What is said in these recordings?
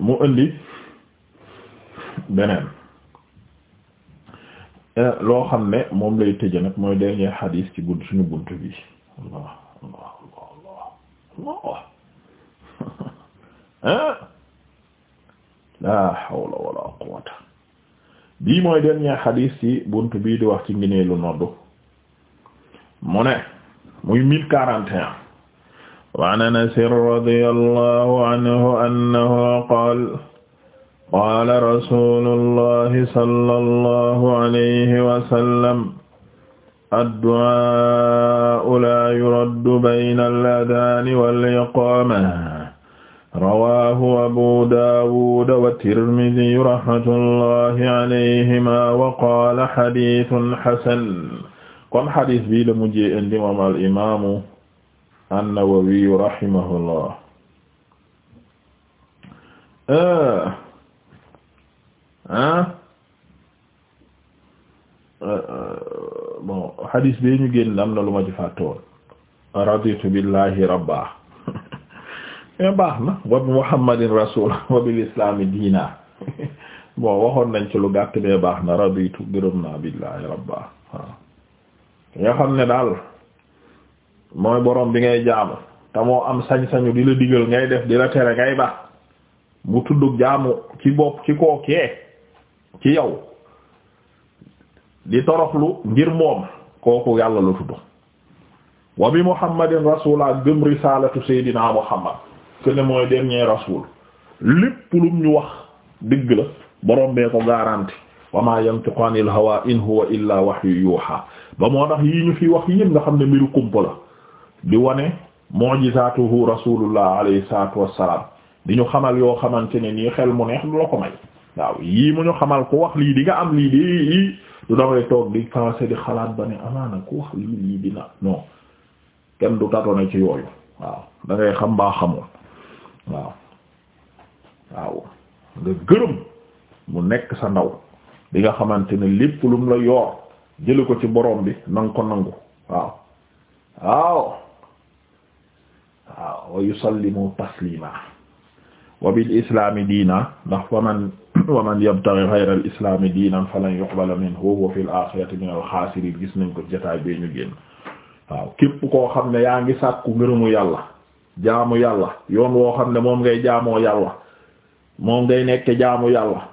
mu indi beneen eh, loo xam ne moom lay tëje nag mooy dernier xadiis ci bunt suñu bunt bi allah allah allah allah hein eh? laa bii mooy dernier xadiis ci bunt bii di wax ci ngineelu noddu mu ne muy mille quarante et وعن أنس رضي الله عنه أنه قال قال رسول الله صلى الله عليه وسلم الدعاء لا يرد بين الأذان والإقامة رواه أبو داود والترمذي رحمة الله عليهما وقال حديث حسن kon xadis bi la mujjee indi moom al imaamu an-Nawawi rahimahullah ah. Ah. Ah, bon hadis bi ñu génn am na lu ma ci fàtte woon raditu billahi rabba eh, baax na wa bi muhammadin rasul wa bil islami diina bon waxoon nañ ci lu gàtt bee baax na raditu gërëm naa billahi rabba waaw xam ne daal mooy borom bi ngay jaamu te moo am sañ-sañu di la digal ngay def di la tere ngay baax mu tudd jaamu ci bopp ci kookee ci yow di toroxlu ngir moom kooku yàlla la tudd wa bi muhammadin rasulaa gëm risalatu seydina muhammad que ne mooy dernier rasul lépp lum ñu wax dëgg la borom bee ko garanti wa ma yantiqu anil in huwa illa wahyu yuha ba moo tax yi ñu fi wax yépp nga xam ne mbiru kumpa la di wane mu'jizaatuhu rasulullah alayhi salaatu wassalaam di ñu xamal yoo xamante ne nii xel mu neex lu la ko may waaw yii mu ñu xamal ku wax lii di nga am lii di du dafay toog di pensé di xalaat ba ne amaana ku wax lii lii dina non kenn du tatone ci yooyu waaw da xam baa xamoon waaw waaw nga gërëm mu nekk sa ndaw di nga xamante ne lépp lum mu la yoor jële ko ci borom bi nang ko nangu waaw waaw wa yusallimu taslima wa bil islami diina ndax fa man wa man yabtaghi ghayra al islami diinan falan yuqbala minhu wa fil akhirati min al gis nañ ko jotaay bee ñu génn waaw képp koo xam ne yaa ngi sàkku ngërëmu yàlla jaamu yàlla yoon woo xam ne moom ngay jaamoo yàlla moom ngay nekk jaamu yàlla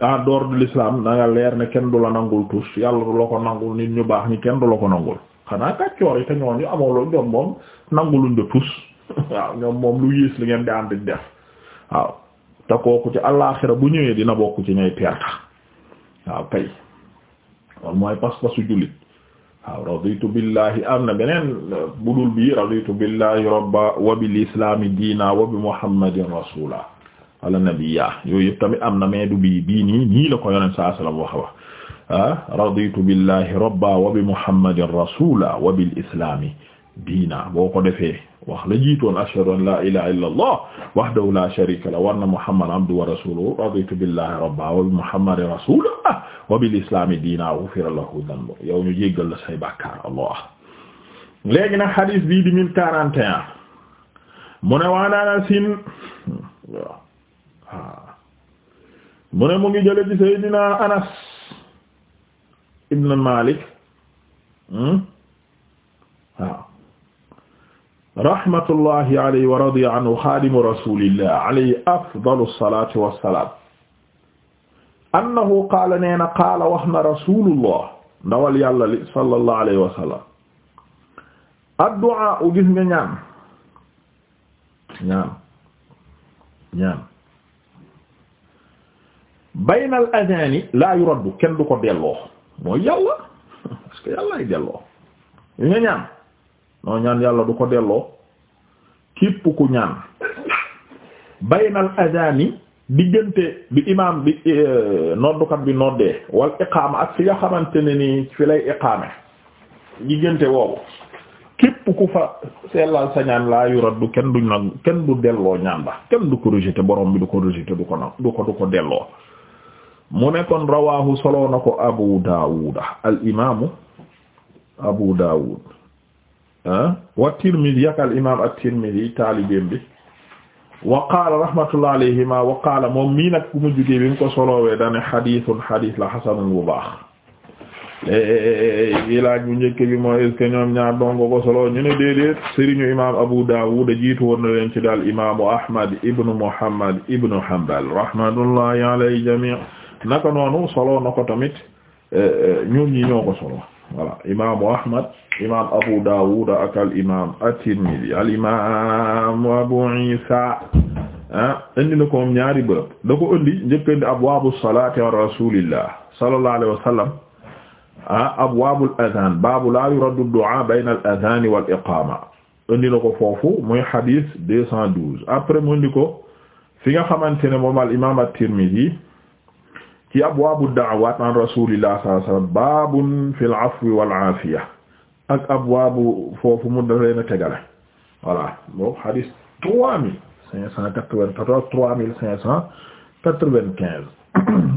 en dehors de l'islam na leer ne kenn du la nangul tous yàlla du la ko nangul nit ñu baax ni kenn du la ko nangul xanaa kàccoor yi te ñooñu amoo loolu waaw ñoom moom lu yées li ngeen di def waaw te ci alaaxira bu ñëwee dina bokk ci ñooy perte na kay loolu mooy pas-pasu jullit waaw raditu billahi am na beneen budul bi raditu billahi rabba wa bil islami diina wa bi muhammadin rasula wala am na mais du ko yonent saa sallam wax wax ah wa bi muhammadin rasula wa bil islami diina boo ko defee wax la jiitoon ashhadu an la ilaha illa allah wahdahu la sharika la wa anna muhammadan abduhu wa rasuluhu raditu billahi rabba wa bi muhammadin rasulah wa allah léegi nag xadis bii di mille quarante et un mu ne waan anasin ngi jële anas ibn malik hmm? waaw rahmatullahi alayhi wa radiya anhu xaadimu rasulillah alayhi afdalu salaatu wa salaam annahu qaala nee na qaala wax na rasulullah ndawal yàlla li sallallahu alayhi wa sallam addu'a u gis nga ñaan ñaan ñaan bayna al adhaani laa yuraddu kenn du ko delloo mooy yàlla parce que yàllaay delloo nga ñaan noo ñaan yàlla du ko delloo képp ku ñaan baynal adani diggante bi imaam bi eh, bi noddee wal iqaama ak fi nga xamante ne nii fi lay iqaame diggante woowu képp ku fa sellal sa ñaan laa yuraddu kenn du nag kenn du delloo ñaan ba kenn du ko rejeté borom bi du ko rejeté du ko nag du ko du ko delloo nekkoon rawaahu soloo na ko abu daawuda al imaamu abu daawud ah wa Tirmidhi yakal imaam at-Tirmidhi taalibeem bi wa qaala rahmatullahi alayhima wa qaala moom mii nag bu mu jugee bi mu ko solowee dane xadiisun xadiis la xasanun bu baax i laaj bu njëkk bi mooy est-ce que ñoom ñaar dongo ko solo ñu ne déedéet sëriñu imam Abu Dawud jiitu woon na leen ci daal imamu Ahmad ibnu Muhammad ibnu Hanbal rahmatullahi alayhi jami' naka noonu solo na ko tamit eh, eh, ñoom ñi ñoo ko solo voilà imamu Ahmad imaam Abu Dawud ak al imaam at-Tirmidhi al imaam Abu Isa ah indi na ko moom ñaari bërëb da ko indi njëkkandi abwaabu salaati an rasulillah sallallahu alayhi wa sallam ah abwaabul adaan baabu laa yuraddu du'aa bayna al adaan wal iqaama indi na ko foofu muy hadith deux cent douze après mu indi ko fi nga xamante ne moom al imaam at-Tirmidhi ci abwaabu da'awaat an rasulillah sallallahu alayhi wa sallam baabun fil afwi wal aafiya ak abwaabu foofu mu da leen a tegale voilà boobu hadis trois mille cinq cent quatre-vingt-quatorze trois mille cinq cent quatre-vingt-quinze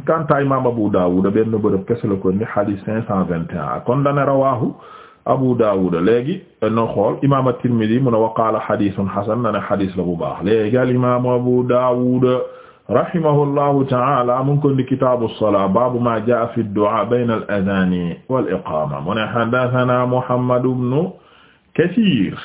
kanta imam Abu Dawud benn bërëb kese la ko ni hadis cinq cent vingt et un kon dana rawahu Abu Dawud léegi no xool imam At-Tirmidhi mu ne wa qaala hadithun hasan na ne hadis la bu baax léegi al imam Abu Dawud rahimahullahu ta'ala mu ngi ko ndi kitaabu salaa baabu maa jaa'a fi du'aa bayna al-adhaani wal iqaama mu ne haddathanaa Muhammad ibn Kasiir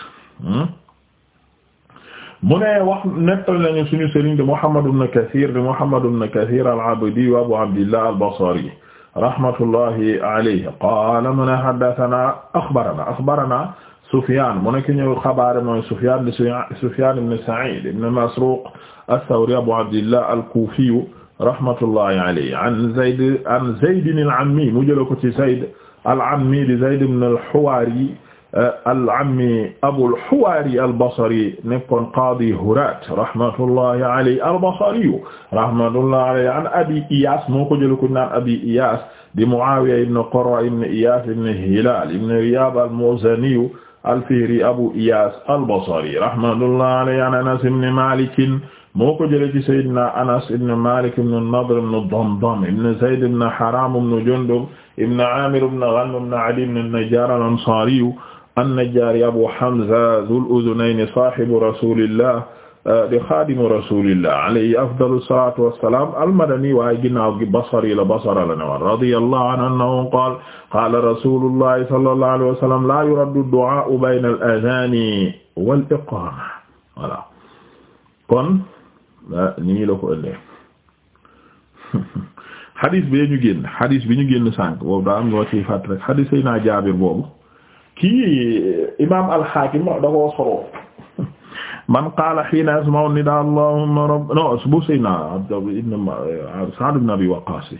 mu ne wax nettal nañu suñu sëriñ de Muhammad ibn Kasiir de Muhammad ibn Kasiir al-Abdi wa Abu Abdillah al-Basri rahmatullahi alayhi qaala mu ne haddathanaa axbaranaa axbaranaa Sufyan mu nekk ñëw xabaar mooy Sufyan Sufyan ibn Sa'id ibn Masruq ath-Thawri Abu Abdillah al-Kufi rahmatullahi alayhi an Zayd an Zayd al-Ammi mu jël ko ci Zayd al-Ammi di Zayd ibn al-Huwari al-Ammi Abu al-Huwari al-Basri nekkoon qaadi Hurat rahmatullahi alayhi al-Basri rahmatullahi alayhi an Abi Iyas moo ko jël ko naan Abi Iyas di Muawiya ibn Qurra ibn Iyas ibn Hilal ibn Riyab al-Muzani alfihri abu iyas albasari rahmatullah alayhi an anas ibn malik moo ko jëlee ci sayyidina anas ibn malik ibn nadr ibn damdam ibn zayd ibn haram ibn jundub ibn amir ibn ghanm ibn adi ibn najjar al-ansari an-najjari abu hamza dhul udhunayn sahibu rasulillah Euh, di xaadimu rasulillah alayhi afdalu salatu wassalam almadani waaye ginnaaw gi basari la basara la ne woon radiyallahu anhu annahu qaala qaala rasulullahi sallallahu alayhi wa sallam la yuraddu du'a bayna al-adhani wal iqama voilà kon euh, nii la ko ëllee xadis bi ñu génn xadis bi ñu génn sànq boobu daa am ñoo ciy fàtt rek xadis yi naa jaabir boobu kii imaam al-Hakim da koo soroo man qaala hiina yasma'u nidaa allahumma rabb no bu sayyidina Sa'd ibn Abi Waqqaas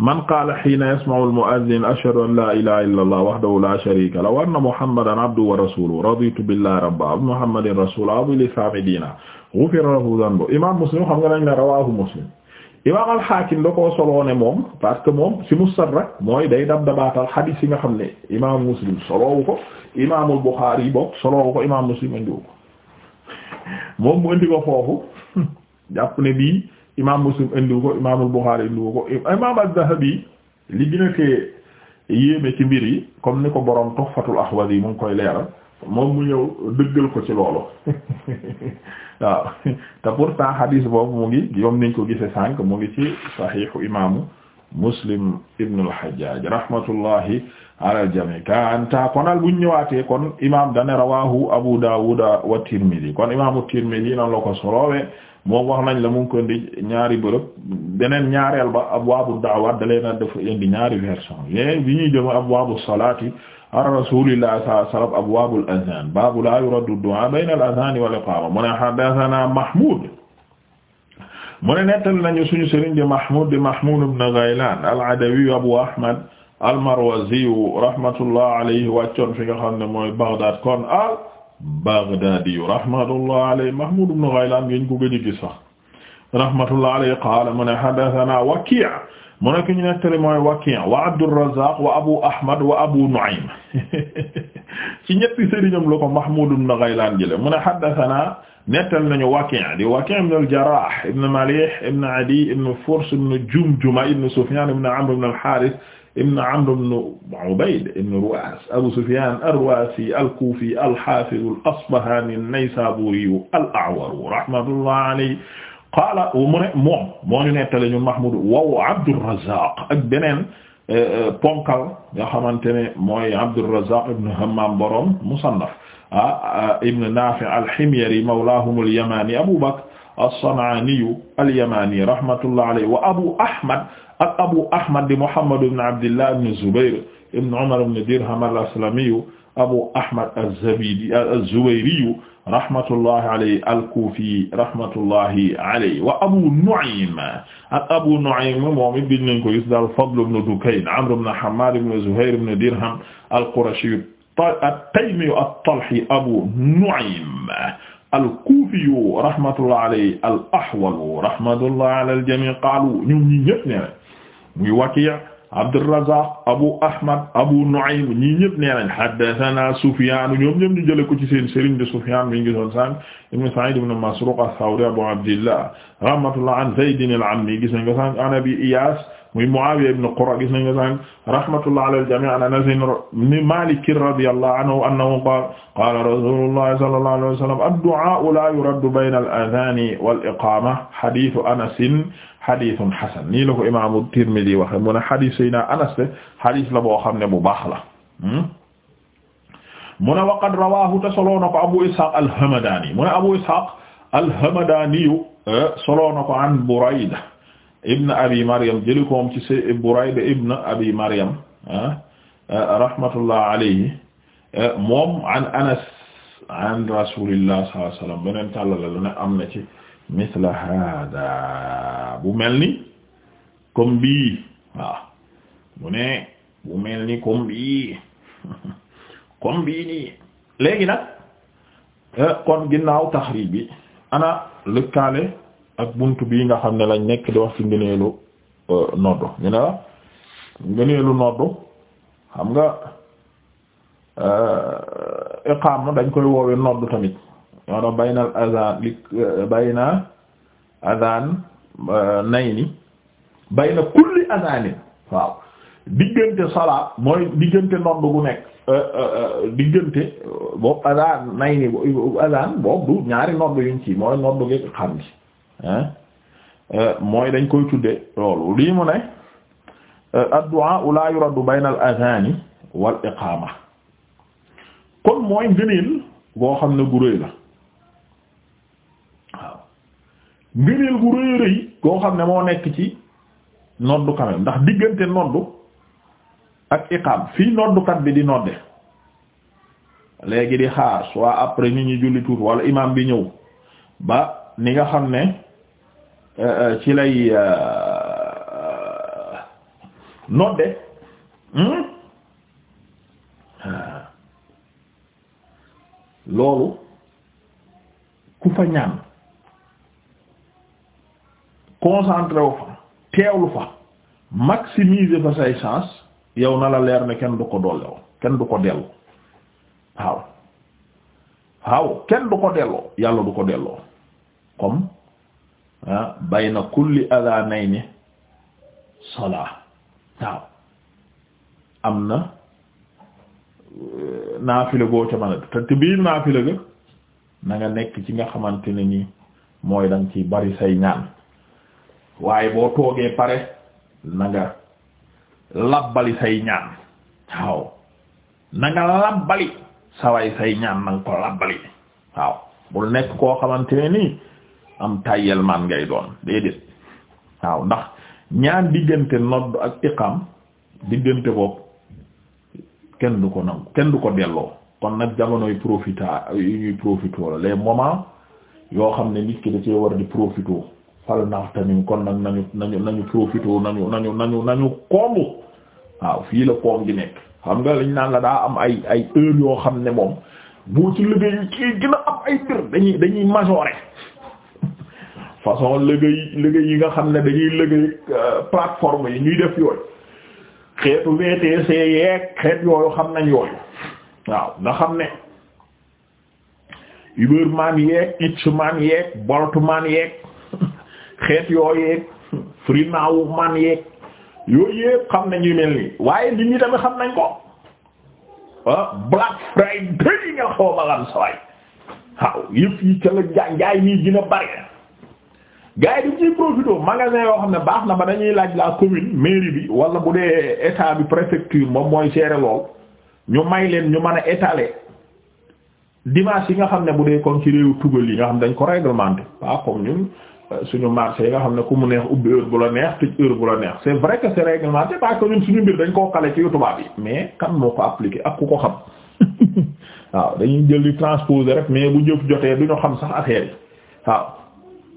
man qaala hiina yasma'u al-mu'adhdhin ashhadu an laa ilaaha illa allah wahdahu laa shariika lahu wa anna muhammadan abduhu wa rasuuluhu raditu billahi rabban wa bi muhammadin rasuulan wa bil-islaami diinan ghufira lahu dhanbuhu imaam Muslim xam nga nañ ne rawaahu Muslim imaam al-Haakim da koo soloo ne moom parce que moom si Mustadrak mooy day dab dabaatal hadiis yi nga xam ne imaam Muslim soloowu ko imaamul Buxaari yi bokk soloowu ko imaam Muslim andiwu ko moom mu indi ko foofu jàpp ne bii imaam Muslim indiwu ko imaamul Buxaari indiwu ko imaam az li gën a yéeme ci mbir yi comme ni ko borom Tuhfatul Ahwazi yi mu ngi koy leeral moom mu ñëw dëggal ko ci loolu waaw te pourtant hadis boobu mu ngi yom nañ ko gise sànq mu ngi ci saxiixu imaamu Muslim ibn al-Hajjaj rahmatullahi ala al-jami' kanta konal buñ ñëwaatee kon imam dane rawahu Abu Dawud wa Tirmidhi kon imam Tirmidhi nan la ko soloowe moom wax nañ la mu ngi ko ñaari bërëb beneen ñaareel ba abwaabu da'waat da leena def indi ñaari version yé bi ñuy jëm abwaabu salaati an rasulillahi sallallahu alayhi wa sallam abwaabul adhan baabu la yuraddu du'a bayna al-adhan wal iqama mu ne hadathana Mahmud mu ne nettali nañu suñu sëriñ di Mahmoud di Mahmoud ibn Ghaylan al-Adawi Abu Ahmad al-Marwazi rahmatullah alayhi wàccoon fi nga xam ne mooy Baghdad kon al-Baghdadi rahmatullah alayhi Mahmoud ibn Ghaylan ngeen ko gëj a gis sax rahmatullah alayhi qaala mu ne haddathana Waki' mu nekk ñu nettali mooy Waki' wa Abdurrazzaq wa Abu Ahmad wa Abu Nu'aym ci ñetti sëriñam la ko Mahmud ibn Ghaylan jële mu ne haddathana nettal nañu Waki' di Waki' ibn al-Jarrah ibn Malih ibn Adi ibn Furs ibn Jumjuma ibn Sufyan ibn Amr ibn al-Harith ibn Amr ibn Ubayd ibn Ru'as Abu Sufyan ar-Ru'asi al-Kufi al-Hafiz al-Asbahani an-Naysaburi al-A'war rahmatullah alayhi qaala mu ne moom moo ñu nettali ñun Mahmoud waw Abdurrazzaq ak beneen euh, euh, ponkal nga xamante ne mooy Abdurrazzaq ibn Hammam borom Musannaf ah, ah ibn Nafi' al-Himyari mawlahum al-Yamani Abu Bakr as-San'ani al-Yamani rahmatullah alayhi wa Abu Ahmad ak Abu Ahmad di Muhammad ibn Abdillah ibn Zubayr ibn Umar ibn Dirham al-Aslami Abu Ahmad az-Zabidi az-Zubayri rahmatullahi alayhi al-Kufi rahmatullahi alayhi wa Abu Nu'aym ak Abu Nu'aym moom it biñ leen ko gis daal Fadl ibn Dukayn Amr ibn Hammad ibn Zuhayr ibn Dirham al-Qurashi at-Taymi at-Talhi Abu Nu'aym al-Kufi rahmatullahi alayhi al-Ahwal rahmatullahi ala al-jami' qaalu ñoom ñi ñëpp ne muy Waki' Abdurrazzaq Abu Ahmad Abu Nu'aym ñii ñëpp nee nañ haddathana Sufyan ñoom ñoom ñu jëlee ko ci seen sëriñ de Sufyan mi ngi doon sànq ibn Sa'id ibn Masruq as-Sawri Abu Abdillah rahmatullah an Zayd al-Ammi gis nañ ko sànq an Abi Iyas muy Muawiya ibn Qurra gis nañu sànq rahmatullah ala al-jami' an Anas ibn Malik radiyallahu anhu annahu qala qala rasulullah sallallahu alayhi wa sallam ad-du'a'u la yuraddu bayna al-adhani wal-iqama hadithu Anas hadithun hasan nii la ko imam Tirmidhi waxe mu ne hadith sayna Anas de hadith la boo xam ne bu baax la hmm? mu ne waqad rawahu te soloo na ko Abu Ishaq al-Hamdani mu ne Abu Ishaq al-Hamdani eh, soloo na ko an Burayda ibn abi maryam jëli ko moom ci se Burayda ibn abi maryam ah, ah, rahmatullah alayhi eh, moom an anas an rasulillah sallallahu alayhi wasallam beneen tàllale lu ne am na ci misla hada bu mel ni comme bii waaw mu ne bu mel ni comme bii comme bii nii léegi nag eh, kon ginnaaw taxrib bi ana lëkkaale ak buntu bii nga xam ne lañ nekk di wax ci ngëneelu euh, noddu ñu ne la ngëneelu noddu xam nga euh, iqaama dañ koy woowe noddu tamit ñoo tax bayna al azan li euh, bayna azan nayni bayna kulli azanin waaw diggante salaa mooy diggante noddu gu nekk diggante boobu azan nayni azan boobu du ñaari noddu yuñ ci mooy noddu gi xam gi Euh, mooy dañ koy tudde loolu lii mu ne euh, addu'a la yuraddu bayna al wal iqama kon mooy ngëneel goo xam ne gu rëy la waaw ngëneel gu rëy rëy goo xam ne moo nekk ci noddu kamel ndax diggante noddu ak iqam fii noddukat bi di nodde léegi di xaar soit après nit ñi julli tuut wala imam bi ñëw ba ni nga xam ne ci lay euh, euh, nodde hmm? ah. loolu ku fa ñaan concentré fa teewlu fa maximiser fa say chance yow na la leer ne kenn du ko dolloo kenn du ko delloo waaw waaw kenn du ko delloo yàlla du ko delloo comme ah bayna kulli adhanayni salaa waaw am na euh, naafila goo ca mën a te te biir naafila ga na nekk ci nga xamante ne ni mooy danga ci bari say ñaan waaye boo toogee pare na nga say ñaan waaw na nga labbali saway say ñaan na nga ko labbali waaw bul nekk koo xamante nii am tayel man ngay doon déedéet waaw ndax ñaan diggante nodd ak iqam diggante boobu kenn du ko nangu kenn du ko delloo kon nag jamonoy profita yu ñuy profitoo la les moments yoo xam ne nit ki da cee war di profitoo fal naaf tamit kon nag nañu nañu nañu profitoo nañu nañu nañu nañu waaw fii la koom gi nekk xam nga liñ naan la daa am ay ay heure yoo xam ne moom boo ci liggéey yi ci gën a am ay mbir dañuy dañuy majoré façon liggéey liggéey yi nga xam ne dañuy liggéey euh, plateforme yi ñuy def yooyu xeetu VTC yeeg xeet yooyu xam nañ yooyu waaw nga xam ne man yeeg Eats-man yeeg Bolt-man yeeg xeet yooyu yeeg Freenow-man yeeg yooyu yëpp xam nañ yu mel nii waaye nit ñi tamit xam nañ ko ah Black Friday nga xaw ma lan sa waaw yëpp yi ca la jaay nii dina bari gaa yi dañ ciy profité magasin yoo xam ne baax na ba dañuy laaj la commune mairie bi wala bu dee état bi préfecture moom mooy gérer lool ñu may leen ñu mën a étaler dimanche yi nga xam ne bu dee comme ci réew tugal yi nga xam ne dañ ko réglementé waaw comme ñun euh, suñu marché yi nga xam ne ku mu neex ubbi heure bu la neex tëj heure bu la neex c'est vrai que c'est réglementé parce que ñun suñu mbir dañ koo kale ci yu tubaab yi mais kan moo ko appliqué ak ku ko xam waaw dañuy jël di transposer rek mais bu jëf jotee duñu xam sax affaire yi waaw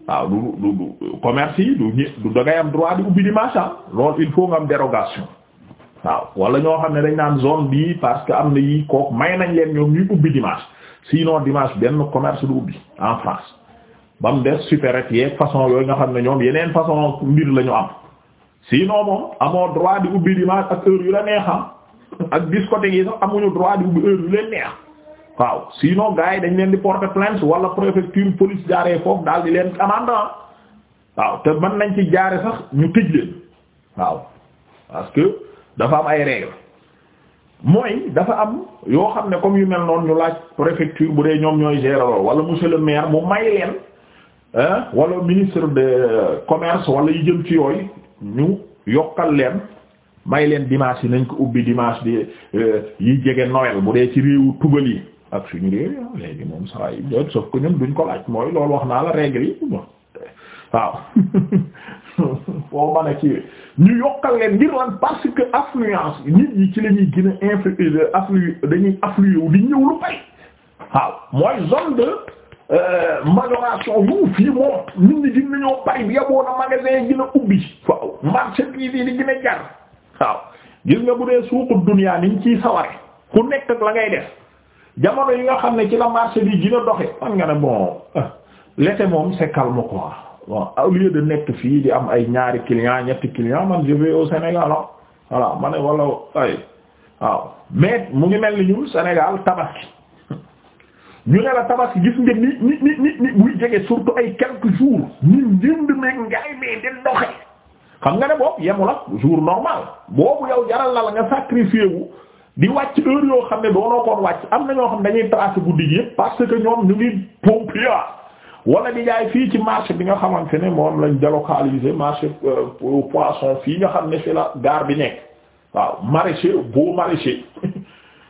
waaw du du du commerce yi du ñi du dangay am droit di ubbi dimanche ah il faut nga am dérogation waaw wala ñoo xam ne dañ naan zone bii parce que am na yi kook may nañ leen ñoom ñuy ubbi dimanche sinon dimanche benn commerce du ubbi en France ba mu des supérette façon yooyu nga xam ne ñoom yeneen façon mbir la am si no moom amoo droit di ubbi dimanche ak heure yu la neexa ah. ak discothèque yi sax amuñu droit di ubbi heure yu leen neex waaw sinon gars yi dañ leen di porter plainte wala préfecture police jaaree foofu daal di leen amende waaw te mën nañ ci jaare sax ñu tëj leen waaw parce que dafa am ay règles mooy dafa am yoo xam ne comme yu mel noonu ñu laaj préfecture bu dee ñoom ñooy gérer lool wala monsieur le maire mu may leen wala ministre de commerce wala yu jëm ci yooyu ñu yokkal leen may leen dimanche yi nañ ko ubbi dimanche bi euh, yi jege Noël bu dee ci réewu tugal yi ak suñu réer ah, léegi ko saa yi ñun duñ ko laaj mooy loolu wax naa la règle yi waaw foo mën a kiiwee ñu yokkal leen ngir lan parce que affluence nit ñi ci la ñuy gën a euh, euh, dañuy afflué di ñëw lu bay waaw mooy zone de euh, majoration yu fii moom nit ñi gën nañoo bay bi magasin yi gën a ubbi waaw marché bi di gën a jar waaw gis nga bu dee suuqu dunya niñ ciy saware ku nekk ak la ngay def. jamono yi nga xam ne ci la marché bi dina doxe man nga ne bon l'été moom c'est calme quoi bon au lieu de nekk fii di am ay ñaari clients ñetti clients man je vais au Sénégal ah ne wala ay waaw mais mu ngi mel ni ñun Sénégal tabaski ñu ne la tabaski gis nga ni ni ni ni muy jege surtout ay quelques jours ñu njënd meeg njaay mee di doxe xam nga ne boobu yemul ak jour normal boobu yow jaral la la nga sacrifié wu. di wàcc heure yoo xam ne doonoo koon wàcc am na ñoo xam ne dañuy tracer guddi gi parce que ñoom ñu ngi pompier wala di jaay fii ci marché bi nga xamante ne moom lañ délocaliser marché euh, poisson fii nga xam ne fi la gaar bi nekk waaw maraîcher beau maraîcher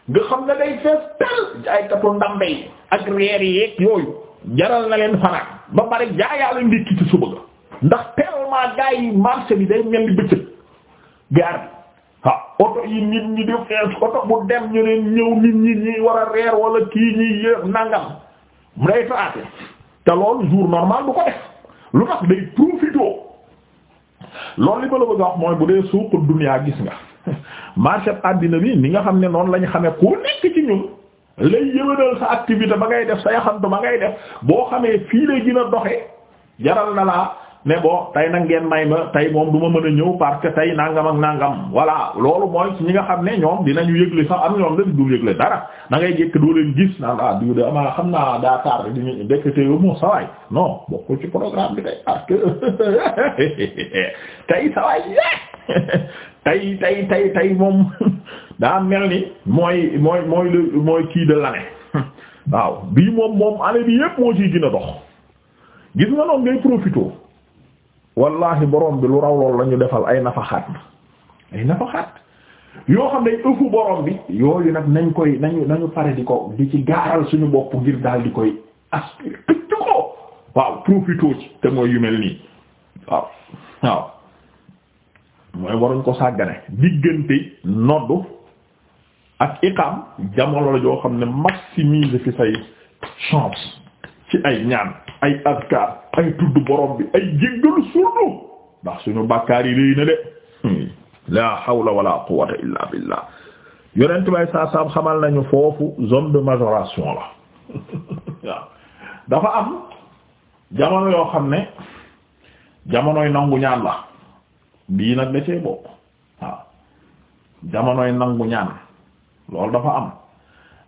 nga xam ne day fees tel jaaykatu ndambe yi ak reer yeeg yooyu jaral na leen fanaan ba pare jaayaale ndékki ci suba ga ndax tellement gars yi marché bi day mel ni bëccëg gare bi waaw oto yi nit ñi di fees oto bu dem ñu leen ñëw nit ñi ñi war a reer wala kii ñi yéex nangam mu day traité te loolu jour normal du ko def lu tax day profité loolu li ma la bëgg a wax mooy bu dee suuqu duniyaa gis nga marché àddina bi ni nga xam ne noonu la ñu xamee ku nekk ci ñun lay yëwénal sa activité ba ngay def sa yaxantu ba ngay def boo xamee fii lay gin a doxe jaral na laa mais bon tey nag ngeen may ma tey moom du ma mën a ñëw parce que tey nangam ak nangam voilà loolu mooy ci ñi nga xam ne ñoom dinañu yëgle sax am ñoom dañ du yëgle dara nangay ngay jekk doo leen gis naan ah diw de ama xam naa daa tardé di ñu dekk te yow moom sawaay non bokkul ci tey tey moom daa mel ni mooy mooy mooy le mooy kii de l'année waaw bii moom moom année bi yëpp moo ciy gën a dox gis nga noonu ngay profité wallahi borom bi lu raw lool la defal ay nafaxaat ay nafaxaat yoo xam ne ëfu borom bi yooyu nag nañ koy nañu nañu pare di ko di ci gaaral suñu bopp ngir daal di koy aspiré këcc ko waaw profitoo ci te mooy yu mel nii waaw waaw mooy waruñ ko sàggane diggante noddu ak iqam jamono la joo xam ne maximiser fi say chance ci ay ñaan ay azkar ay tudd borom bi ay jéggalu surtout ndax suñu bàkkaar yi léy na de hmm. la hawla wala quwwata illa billah yonent bay saasaam xamal nañu foofu zone de majoration la dafa am jamono yoo xam ne jamonoy nangu ñaan la bii nag da cee bokk waaw loolu dafa am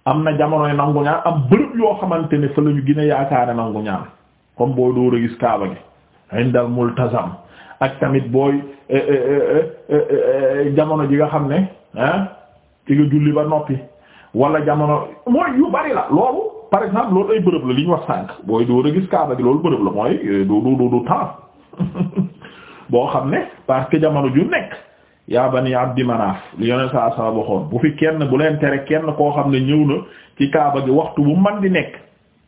am na jamonoy nangu ñaan am bërëb yoo xamante ne fa la ñu gën a yaakaare nangu ñaan comme booy dóor a gis kaaba gi indal multazam ak tamit booy eh, eh, eh, jamono ji nga xam ne ah ci nga julli ba noppi wala jamono mooy yu bari la loolu par exemple loolu ay bërëb la li ñu wax sànq booy dóor a gis kaaba gi loolu bërëb la mooy du du du temps boo xam ne parce que jamono ju nekk yaa bani abdi manaaf li yoneen saa saa waxoon bu fi kenn bu leen tere kenn koo xam ne ñëw na ci kaaba gi waxtu bu man di nekk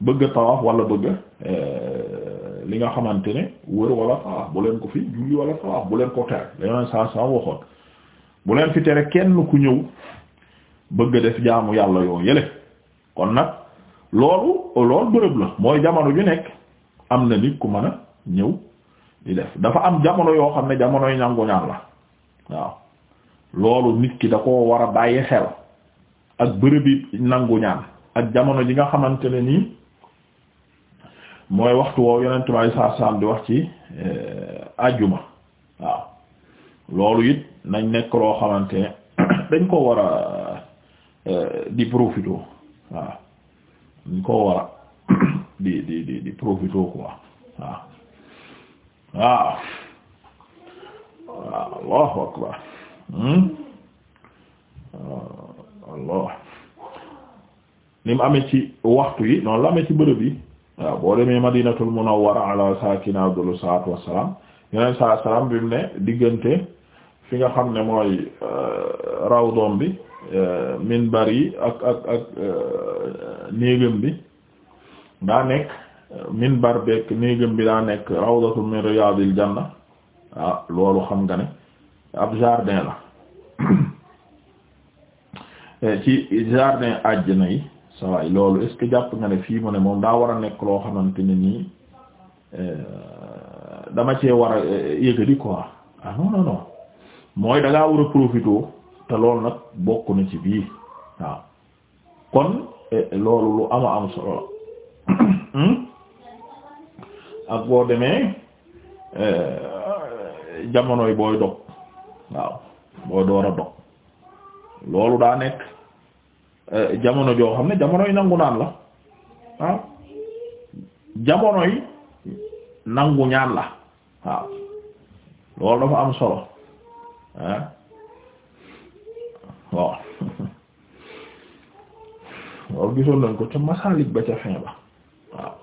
bëgg tawaaf walla bëgg euh, li nga xamante ne wër wala tawaaf bu leen ko fi julli wala tawaaf bu leen ko tere la yoneen saa saa waxoon bu leen fi tere kenn ku ñëw bëgg def jaamu yàlla yoo yële kon nag loolu loolu bërëb la mooy jamono ju nekk am na nit ku mën a ñëw di def dafa am jamono yoo xam ne jamonoy ñangu ñaan la waaw loolu nit ki da ko war a bàyyi xel ak bërëb yi nangu ñaan ak jamono ji nga xamante ne nii mooy waxtu woow yonent bi alayhi salaatu salaam di wax ci ajjuma eh, waaw loolu it nañ nekk loo xamante ne dañ ko war a eh, di profité waaw dañ ko war a di di di di profité quoi waaw waaw waaw allahu akbar hmm? allah ni mu amee ci waxtu yi noonu la amee ci bërëb yi waaw boo demee madinatul munawwara ala saakina wassalaam yeneen saa salaam bi ne diggante fi nga xam ne mooy euh, rawdom bi euh, minbar yi ak ak ak euh, néegam bi daa nekk minbar bekk néegam bi daa nekk rawdatu min riyaadil janna loolu xam nga ne ab jardin la eh, ci jardin àjjana yi sawaay loolu est que jàpp nga ne fii mu ne moom daa war a nekk loo xamante ne nii euh, dama cee war a euh, yëgadi quoi ah non non non mooy da war a profiter te loolu nag bokk na ci biir waaw kon eh, loolu lu ama am solo la ak boo demee euh, jamonoy booy dog waaw booy door a dog loolu daa nekk. Euh, jamono joo xam ne jamonoy nangu naan la waaw ah, jamonoy nangu ñaan la waaw loolu dafa am solo ah bon loolu gisoon nañ ko ca masaalik ba ca fin ba waaw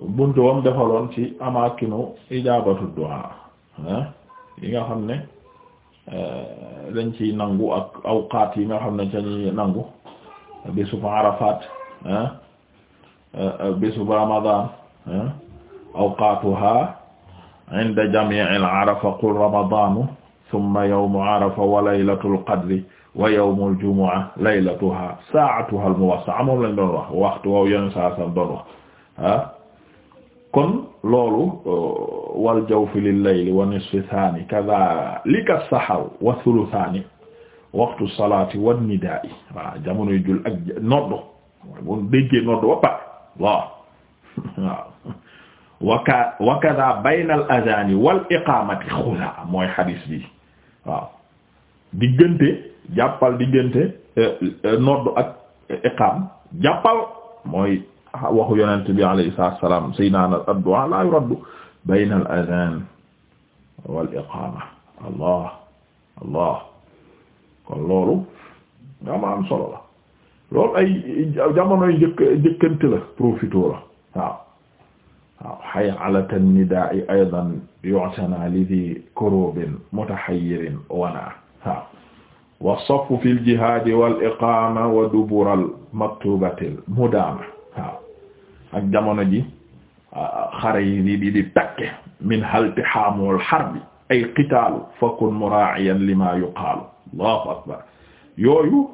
buntu wam defaloon ci amaakinu ijaabatu du'a ah yi nga xam ne euh, dañ ciy nangu ak awqaat yi nga xam ne ca ñuy nangu bésub Arafat euh, euh, bésub Ramadan awqaatuha inda jami'il arafa qul ramadanu thumma yawmu arafa wa laylatul qadri wa yawmul jumu'a laylatuha sa'atuha al muwassa'a moom lañ doon wax waxtu woowu yeneen saa sax doon wax ah kon loolu wal jawfi lil layli wa nisfi thani kadhalika as-sahar wa thuluthani waxtu salaati wan nidaay voilà jamonoy jul ak noddu bu déggee noddu ba pare waaw waaw mooy xadis bi diggante jàppal eh, eh, iqam jàppal mooy waxu yonent bi alayhi salaam sayyidina ad-du'a la yuraddu bayna al adhan wal allah kon loolu dama am solo la loolu ay jamonoy njëkk njëkkante la profité la waaw waaw xay alatan nidaa'i aydan yu'tana li di kurubin mutahayyirin wana waaw wa safu fi ljihaadi wal iqaama wa dubural maktubatil mudaama waaw ak jamono ji xare yi di di di takke min haltihaamuwal harbi ay qitaalu fakun muraa'iyan lima yuqaalu allahu akbar yooyu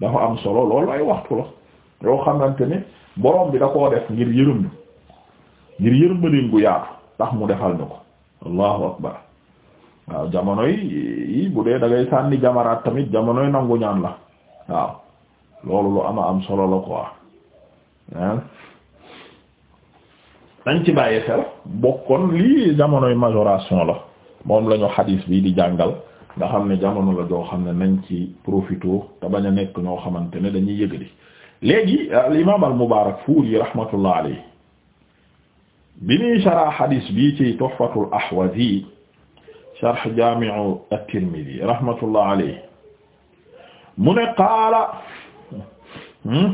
dafa am solo loolu ay waxtu la yoo xamante ne borom bi da koo def ngir yërëm ñu ngir yërmandeem gu yaatu tax mu defal ñu ko allahu akbar waaw jamono yi bu dee da sànni jamaraat tamit jamonoy nangu ñaan la waaw loolu lu ama am solo la quoi ah dañ ci bàyyi xel bokkoon lii jamonoy majoration la moom lañu xadiis bi di jàngal nga xam ne jamono la joo xam ne nañ ci profité te bañ a nekk ñoo xamante ne dañuy yëgadi léegi al imaam al mubaarak fuuri rahmatullah alayhi bi ñuy sharh hadis bii ci tuhfatul ahwazi sharh jaami'u at-tirmidhi rahmatullah alayhi mu ne qaala hmm?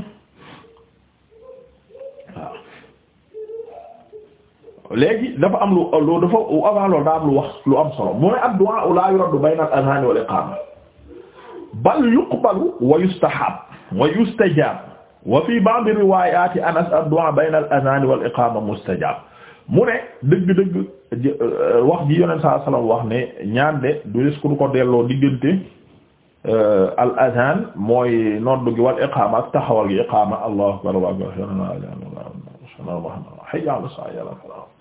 léegi dafa am lu lu dafa avant daa lu wax lu am solo mooy ad-du'a la yuraddu bayna al-adhan wal iqama bal yuqbalu wa yustahab wa yustajab wa fi ba'd riwayat anas ad-du'a bayna al-adhan wal iqama mustajab mu ne dëgg-dëgg euh, wax ji yonent saa sallam wax ne ñaan de du des ko delloo diggante euh, al adhan mooy noddu gi wal iqama ak taxawal gi iqama allahu akbar wa akbar hayya ala saa yàlla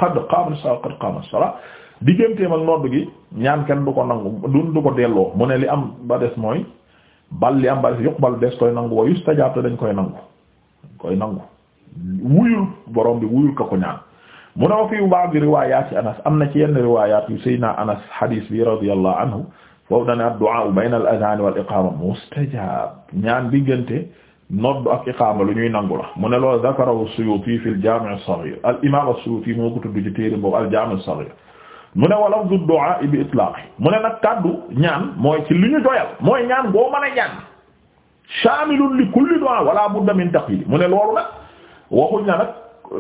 qad qaama saa qad qaama salaa digganteem ak nodd gi ñaan kenn du ko nangu dun du ko delloo mu ne li am ba mooy bal li am ba des yuqbal des koy nangu wa yustajaab dañ koy nangu dañ koy nangu wuyul borom bi wuyul ka ko ñaan mu ne wa fi ba'd riwaayaati anas am na ci yenn riwaayaat yu sayyidina anas hadis bi radiyallahu anhu foofu dana ad-du'a bayna al-adhaan wal iqaama mustajaab ñaan diggante nodd ak iqaama lu ñuy nangu la mu ne loolu zakarahu Suyuti fi al-Jaami' as-Saghir al-imaam as-Suyuti moo ko tudd ci téere boobu al-Jaami' as-Saghir mu ne wala du du'a bi itlaq mu ne nag kaddu ñaan mooy ci li ñu doyal mooy ñaan boo mën a ñaan shaamilun li kulli du'a wala budda min taqyid mu ne loolu nag waxuñ na nag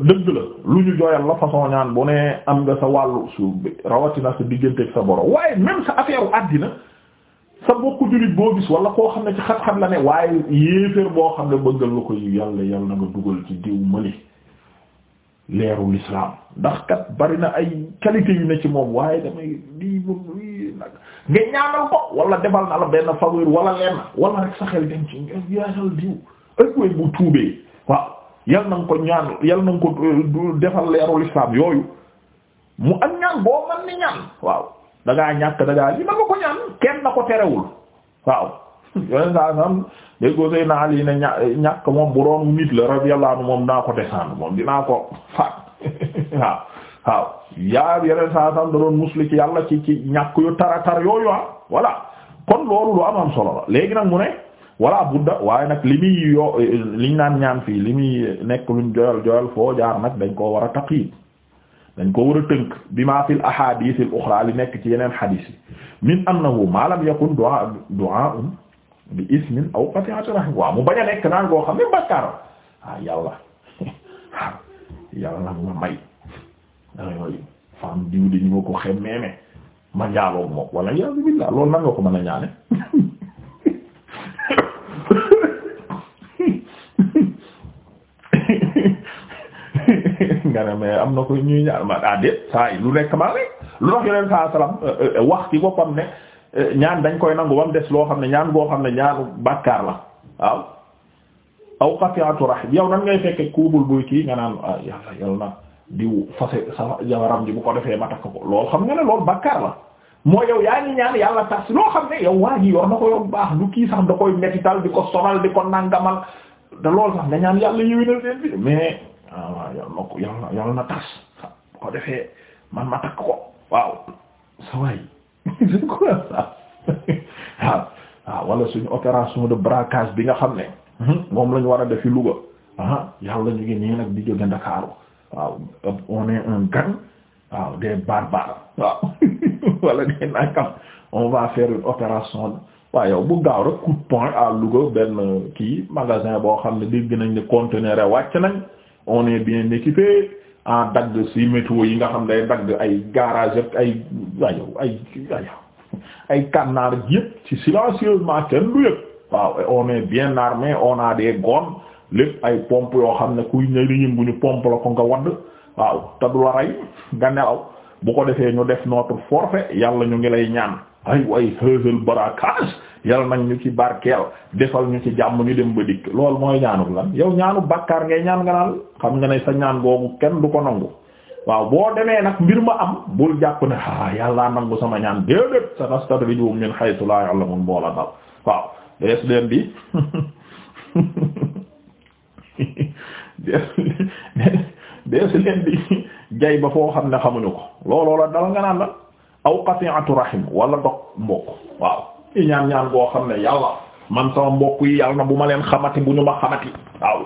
dëgg la lu ñu doyal la façon ñaan bu ne am nga sa wàllu suuf bi rawatina sa digganteeg sa borom waaye même sa affaire u àddina sa bokku jullit boo gis wala koo xam ne ci xat-xat la ne waaye yéeféer boo xam ne bëggal la ko yu yàlla yàlla na nga dugal ci diw mali leeru l'islam ndax kat bari na ay qualité yu ne ci moom waaye damay lii moom lii nag nga ñaanal ko wala defal na la benn faveur wala lenn wala rek sa xel dem ci yaasal diw ay koy bu tuubee waaw yal na nga ko ñaan yal na nga ko euh, defal leeru l'islam yooyu mu ak ñaan boo mën ni ñaan waaw da ngaa ñàkk da ngaa li ma ko na ko terewul waaw yoneen saa sam dég ko sëy naa moom bu doon nit la radiyallahu anhu moom naa ko descendre moom dinaa ko faat waaw waaw yaa yeneen saa sam da doon musli ci yàlla ci ci ñàkk yu taratar yooyu ah voilà kon loolu lu am am solo la léegi nag mu ne walla budda waaye nag li yo liñ naan ñaan fii li muy nekk luñ joyal joyal foo jaar nag dañ koo war a taqiib dañ koo war a tënk bi ma fil ahadith al li nekk ci yeneen hadith yi min annahu ma lam yakun du'a du'a bi ismin aw qati'ati rahim waaw mu bañ a nekk naan goo xam ne bakkaar ah yàlla ah may aywa femme di ñu ma ko xemmeeme ma njaaloo moom wala yàlla billah loolu nan ko mën a ñaane nga ne mais am na ko ñuy ñaar ma ah déet lu nekk maa rek lu tax yeneen saa salaam wax ci boppam ne ñaan dañ koy nangu bam des loo xam ne ñaan boo xam ne ñaanu bàkkaar la waaw. aw qati'atu rahim yow nan ngay fekke kuubul buy kii nga naan ah yàlla yal na diw fase ko defee ma tas loo xam ne yow waa ji yor na ko yor baax du kii sax da koy métital di ko sonal di ko nangamal da loolu sax nga ñaan yàlla yëwinal leen bi mais waaw yal na ko tas bu ko defee man ma takk ko waaw sa waay suñ ko waaw waaw wala suñu opération de braquage bi nga xam ne hmm? moom la ñu war a defi Louga ah yàlla ñu ngi nii nag di jóge Ndakaaru waaw on un gang waaw des barbares waaw wala des nakam on va faire une opération waaye yow bu gaaw rek coup de poing à benn kii magasin boo xam ne dégg nañ ne conteneur wàcc nañ on est bien équipé en dagg si météo yi nga xam day dagg ay garage ak ay ayow ay ay cannaar yëpp ci silencieusement kenn du yëg waaw on est bien armé on a des gones lépp ay pompe yoo xam ne kuy ñëw di ñu pompe la ko nga wadd waaw te du la rey nga nelaw bu ko defee ñu def notre forfait yàlla ñu ngi lay ñaan ay way hësal yal nag ñu ci barkeel defal ñu ci jàmm ñu dem ba dikk loolu mooy ñaanuk la yow ñaanu bàkkaar ngay ñaan nga naan xam nga ne sa ñaan googu kenn du ko nangu waaw boo demee nag mbir ma am bul jàpp ne ah yàllaa nangu sama ñaan déedéet sa nastadrijuhum min haythu la ya'lamun boola dal waaw dees leen di dees leen di jay ba foo xam ne xamuñu ko looloo la dal nga naan la aw qati'atu rahim wala dog mbokk waaw ñaan ñaan boo xam ne yàlla man sama mbokk yi yàlla na bu ma leen xamati bu ñu ma xamati waaw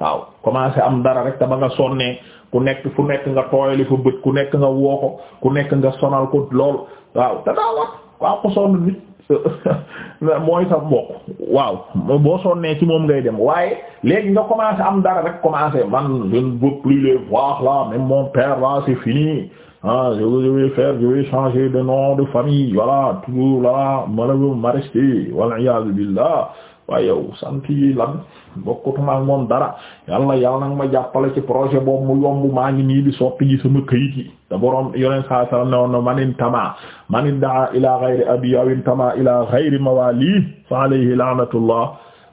waaw commencé am dara rek te ba nga sonnee ku nekk ku nekk nga tooyali fa bët ku nekk nga woo ko ku nekk nga sonal ko lool waaw te daa wat waaw ko sonn nit mooy sa mbokk waaw boo sonnee ci moom ngay dem waaye léegi nga commencé am dara rek commencé man je ne plus les voir là mon père là c'est fini ah je veux je veux faire je veux changer de nom de famille voilà toujours voilà ma ne veux m'arrêter wal iyaazu billah waaye yow sant yi lan bokkutuma ak moom dara yàlla yàlla nag ma jàppale ci projet boobu mu yomb maa ngi nii di soppi ji sama këyit yi te borom yoneen saa sallam ne woon na manin tama manin daa ila ghayri abi awin tama ila ghayri mawali fa alayhi laanatullah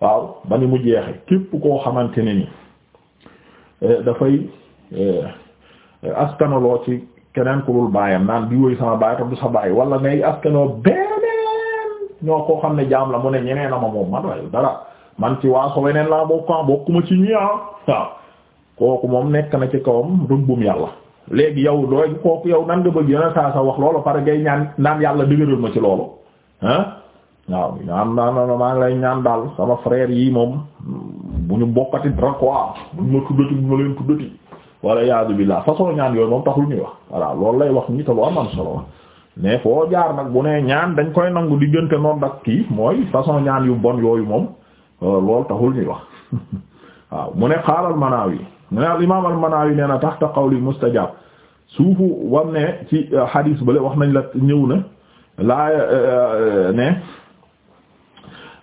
waaw ba ni mu jeexe képp koo xamante ne ni eh, dafay eh, askanaloo ci keneen ku dul baayam naan di woy sama baay tam du sa baay wala ngay askanoo beneen ñoo koo xam ne jaam la mu ne ñeneen a ma moom man waaye dara man ci waaso weneen laa bokk ah bokkuma ci ñi ah kooku moom nekk na ci kawam rëbbum yàlla léegi yow dooy kooku yow nan nga bëgg yone saa sa wax loolu pare ngay ñaan naan yàlla dëgëral ma ci loolu ah waaw ñaan naan maa ngi lay ñaan daal sama frère yi moom mm, bu ñu bokkati dara quoi bu ñu ma tuddati bu wala yaadu billah façon ñaan yooyu moom taxul ñuy wax voilà loolu lay wax ñi te lu am am solo mais foo jaar nag bu nee ñaan dañ koy nangu diggante noonu ak kii mooy façon ñaan yu bon yooyu moom euh, lool taxul ñuy wax waaw mu ne qaala al-Manawi mu ne al-imam al-Manawi nee na taxta qawli mustajab suufu wam ne ci hadis euh, bale wax nañ la ñëw na laa euh, ne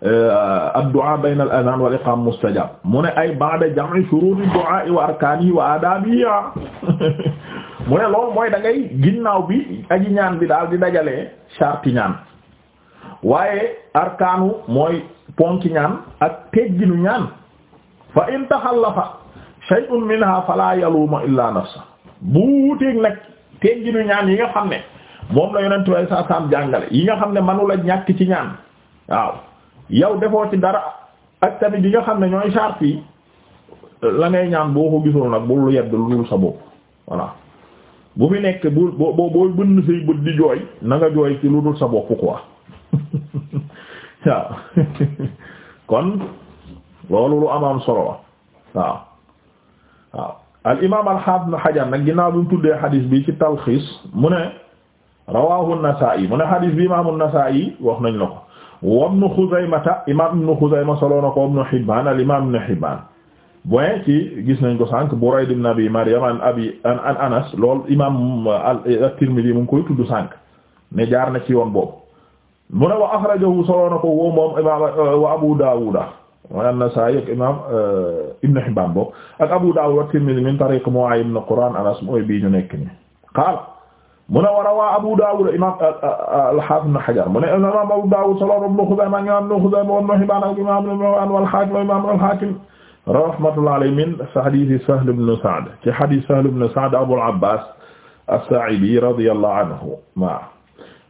Euh, ad-du'a bayna al-adhan wal iqam mustajab mu ne ay ba'da jam'i shurut ad wa arkanihi wa adabihi mu ne loolu mooy da ngay ginnaaw bi aji ñaan bi daal di dajale sharti ñaan waaye arkaanu mooy ponki ñaan ak tegginu ñaan fa in taxallafa shay'un minha fala yaluma illa nafsa bu wuuteeg nag tegginu ñaan yi nga xam ne moom la yonent way sa sam jàngale yi nga xam ne manula ñàkk ci ñaan waaw yow defoo ci dara ak tamit yi nga xam ne ñooy charte yi la ngay ñaan boo ko gisul nag bul yedd lu dul sa bopp voilà bu mu nekk bu boo booy bënn say bët di jooy na jooy ci lu dul sa bopp quoi waaw kon loolu lu am am solo wa waaw waaw al imaam al haafid na Hajar nag ginnaaw bi mu tuddee xadiis bi ci talxiis mu ne rawaahu nasaa yi mu ne xadiis bi imaam an yi wax nañ la ko wa ibnu Xuzaymata imaam ibnu Xuzayma solo na ko ibnu Hibbaan al imaam ibnu Hibbaan boin ci gis nañ ko sànq Burayd ibn Abi Maryam an abi an Anas lool imaam at-Tirmidhi mu ngi koy tudd sànq ne jaar na ci yoon boobu mu ne wa axrajahu solo wa Abu Daawuda wa an-Nasaa'i ak imaam euh, Abu Daawuda at-Tirmidhi min tariiq Mu'aaz ibn Quraan Anas mooy bii ñu nekk ni mu ne war a waa Abu Dawud imaam euh, euh, euh, al-Hafiz Ibn Hajar mu ne imaam Abu Dawud solo Ibn Khuzaymah imaam Ibn Khuzaymah Ibn Hibban ak imaam Ibn Hibban wal Hakim imaam al-Hakim rahmatullahi alayhi min hadiisi Sahl ibn Sa'd ci hadiisi Sahl ibn Sa'd Abul Abbas as-Sa'idi radiyallahu anhu ma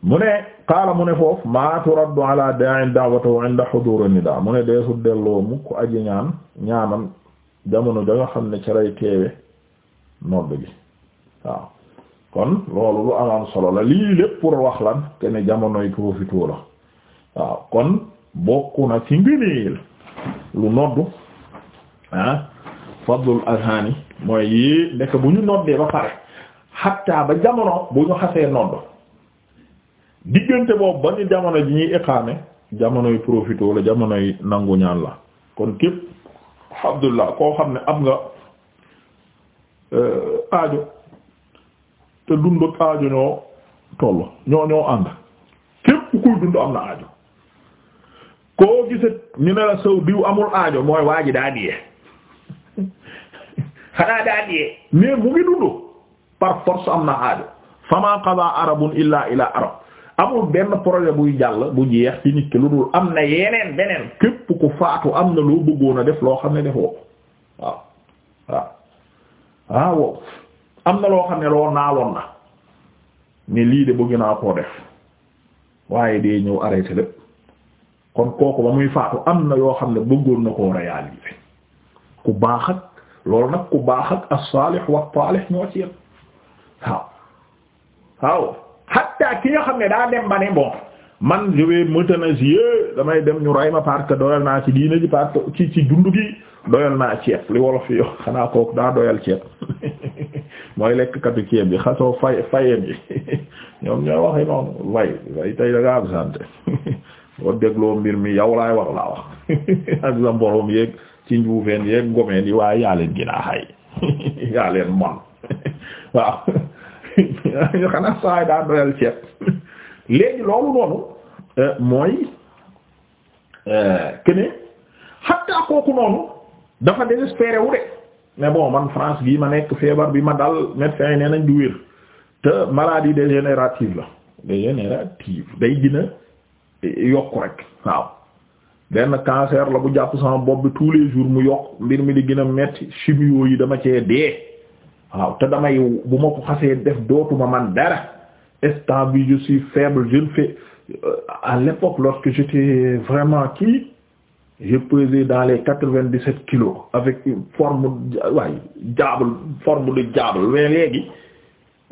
mu ne qaala mu ne foofu ma turaddu ala daa'in da'watuhu 'inda huduuri nidaa mu ne deesu delloo mu ko aji ñaan ñaanam jamono da nga xam ne ci lay teewe nodd bi waaw kon loolu lu amaan solo la lii lépp wax lan te jamonoy profitoo la waaw kon bokk na ci ngëneel lu noddu ah fadlul azhani mooy yii nekk bu ñu noddee ba pare xatta ba jamono bu ñu xasee nodd diggante boobu ba ñu jamono ji ñuy iqaame jamonoy profitoo la jamonoy nangu ñaan la kon képp alhamdulillah koo xam ne am nga euh, aajo te dund ak aajo ñoo toll ñoo ñoo ànd képp kuy dund am na aajo koo gisat ñu ne la saw diw amul aajo mooy waa ji daa diyee am na buy jàll bu jeex am na yeneen beneen képp ku faatu am na loo bëggoon def loo xam ne defoo waaw waaw waaw am na loo xam ne loo naaloon na ne lii de bëgg naa koo def waaye dee ñëw arrêté lépp kon kooku ba muy faatu am na yoo xam ne bëggoon na koo réaliser ku baax ak nag ku baax ak as ki nga xam ne daa dem ba ne bon man je vais m'euthanasier damay dem ñu ray ma parce que doyal naa ci diina ji parce ci ci dund gi doyal naa ceeb li wolof yi yoo xanaa kooku daa doyal ceeb mooy lekkatu ceeb bi xasoo fay faye bi ñoom ñooy waxe noonu way way tey da nga am sant boo dégloo mbir mi yow laay wax laa wax ak sa mborom yeeg ci njuufeen yeeg ngomeen yi waaye yaa leen ginaa xay yaa leen mon waaw ñu xanaa saay daa doyal ceeb léegi loolu noonu euh, mooy kene euh, xatta kooku noonu dafa désespéré wu mais bon man France gii ma nekk feebar bi ma dal médecin yi nee nañ du wér te maladie dégénérative la dégénérative day gën a yokk rek waaw benn cancer la bu jàpp sama bopp bi tous les jours mu yokk mbir mi di gën a metti chimio yi dama cee dee waaw te damay bu ma ko xasee def dootuma man dara instant bi je suis faible je ne euh, à l'époque lorsque j'étais vraiment kii j'ai pesé dans les quatre-vingt-dix-sept kilos avec une forme waaye diable forme de diable mais léegi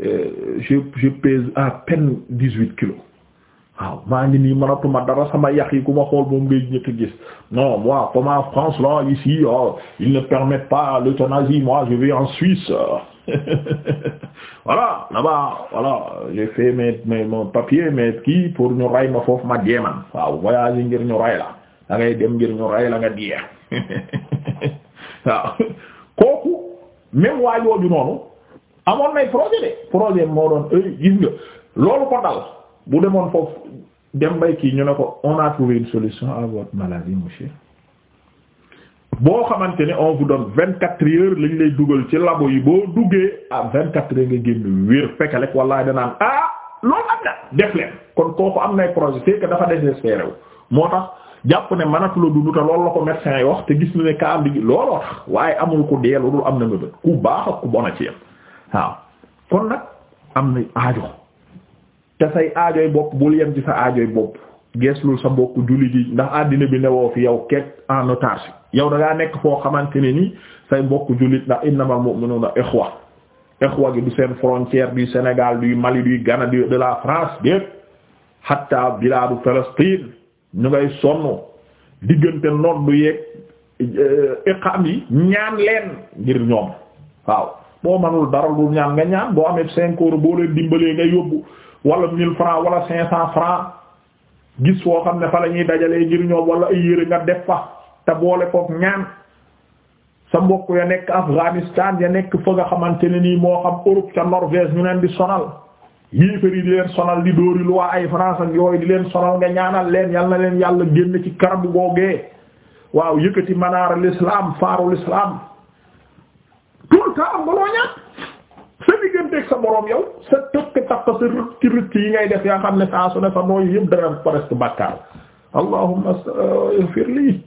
euh, je je pèse à peine dix-huit kilos waaw maa ngi nii mënatuma dara sama yax yi ku ma xool moom ngay ñëkk gis non moi comme en France là ici oh, ils ne permettent pas l'euthanasie moi je vais en Suisse voilà là kii pour ñu ray ma foofu ma deeman waaw voyager ngir ñu ray da dem ngir ñu rey la nga diye waaw kooku même waa jooju noonu amoon nay projet de projet moo doon heure eh, gis nga loolu ko dal bu demoon foofu dem bay kii ñu ne ko on a trouvé une solution à votre maladie monsieur boo xamante ne on vous donne vingt quatre heures lañ lay dugal ci labo yi boo duggee à vingt quatre heures nga génn wér fekkalek wallaay danaan ah loolu am na def kon kooku am nay projet c'est dafa désespéré moo tax jàpp ne manat la dundu loolu la ko médecin yi wax te gis na ne ka am di looloo tax waaye amul ku dee loolu am na nga ku baax ak ku bon a ci yam waaw kon nag am na aajo te say aajooy bopp bul yem ci sa aajooy bopp geeslul sa mbokk jullit yi ndax àddina bi newoo fi yow keeg en otage yow da ngaa nekk foo xamante ne ni say mbokk jullit ndax innamal mu'minuna ikhwa ikhwa gi du seen frontière du Sénégal du Mali du Ghana de la France déet hatta ñu ngay sonn diggante noddu yeeg eh, iqam yi ñaan leen ngir ñoom waaw boo manul dara lu ñaan nga ñaan boo amee cinq euros boo leen dimbalee nga yóbbu wala mille francs wala cinq cent francs gis foo xam ne fa lañuy dajalee ngir ñoom wala ay yére nga def fa te boole kook ñaan sa mbokk ya nekk Afghanistan ya nekk fa nga xamante ne nii moo xam Europe ca Norvège ñu neen di sonal yéefar yi di leen sonal di dóori lu waa ay France ak yooyu di leen sonal nga ñaanal leen yal na leen yàlla génn ci karabu googee waaw yëkkati manaara l'islam faaru l'islam tout le temps am baloo ñaan sa digganteeg sa boroom yow sa tëkk takk sa rëkk rëkk yi ngay def yaa xam ne saa su ne sa nooyu yëpp dara presque bàkkaar allahumma ighfir lii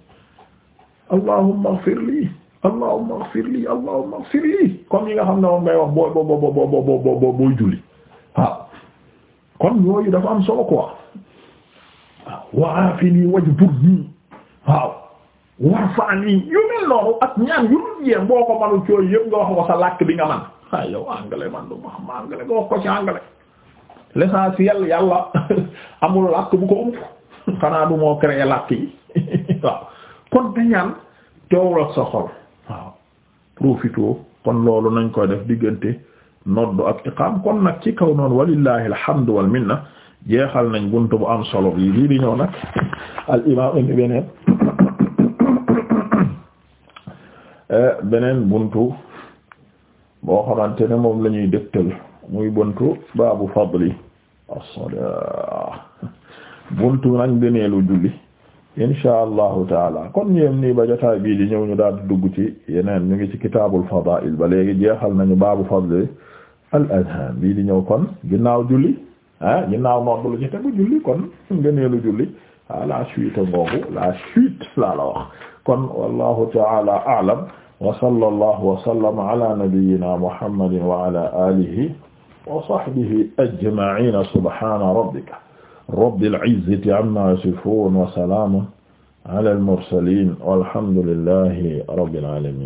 allahumma ighfir lii allahumma ighfir lii allahumma ighfir lii comme yi nga xam ne moom ngay wax boo boo boo boo boo boo boo julli waaw kon yooyu dafa am solo quoi waaw wa aafini wajburni waaw warfa'ni yu mel noonu ak ñaan yu dul jeex boo ko manul cooy yëpp nga wax ko sa làkk bi nga man ah yow anglais man du ma xam anglais nga wax ko ci anglais l'essentiel yàlla amul làkk bu ko ump xanaa du moo créé làkk yi waaw kon te ñaan teewul ak sa xol waaw profito kon loolu nañ koy def diggante noddu ak iqaam kon nag ci kaw noonu walillahi alhamdu wal minna jeexal nañ buntu bu am solo bi lii di ñëw nag al imaam indi beneen buntu boo xamante ne moom lañuy ñuy dëgtal muy buntu baabu fadli as-salaa buntu nag ngëneelu julli insha allahu taala kon ñoom nii ba jotaay bii di ñëw ñu daal di dugg ci yeneen ñu ngi ci kitaabul fadaa'il ba léegi jeexal nañu baabu fadli al adhan bii di ñëw kon ginnaaw julli ah ginnaaw nodd lu ci tegu julli kon ngëneelu julli ah la suite ngoogu la suite laa la wax kon wallahu ta'ala a'lam wa sallallahu wa sallama ala nabiyyina muhammadin wa ala alihi wa sahbihi ajma'in subhana rabbika rabbil izzati amma yasifun wa salamun ala al mursalin walhamdulillahi rabbil alamin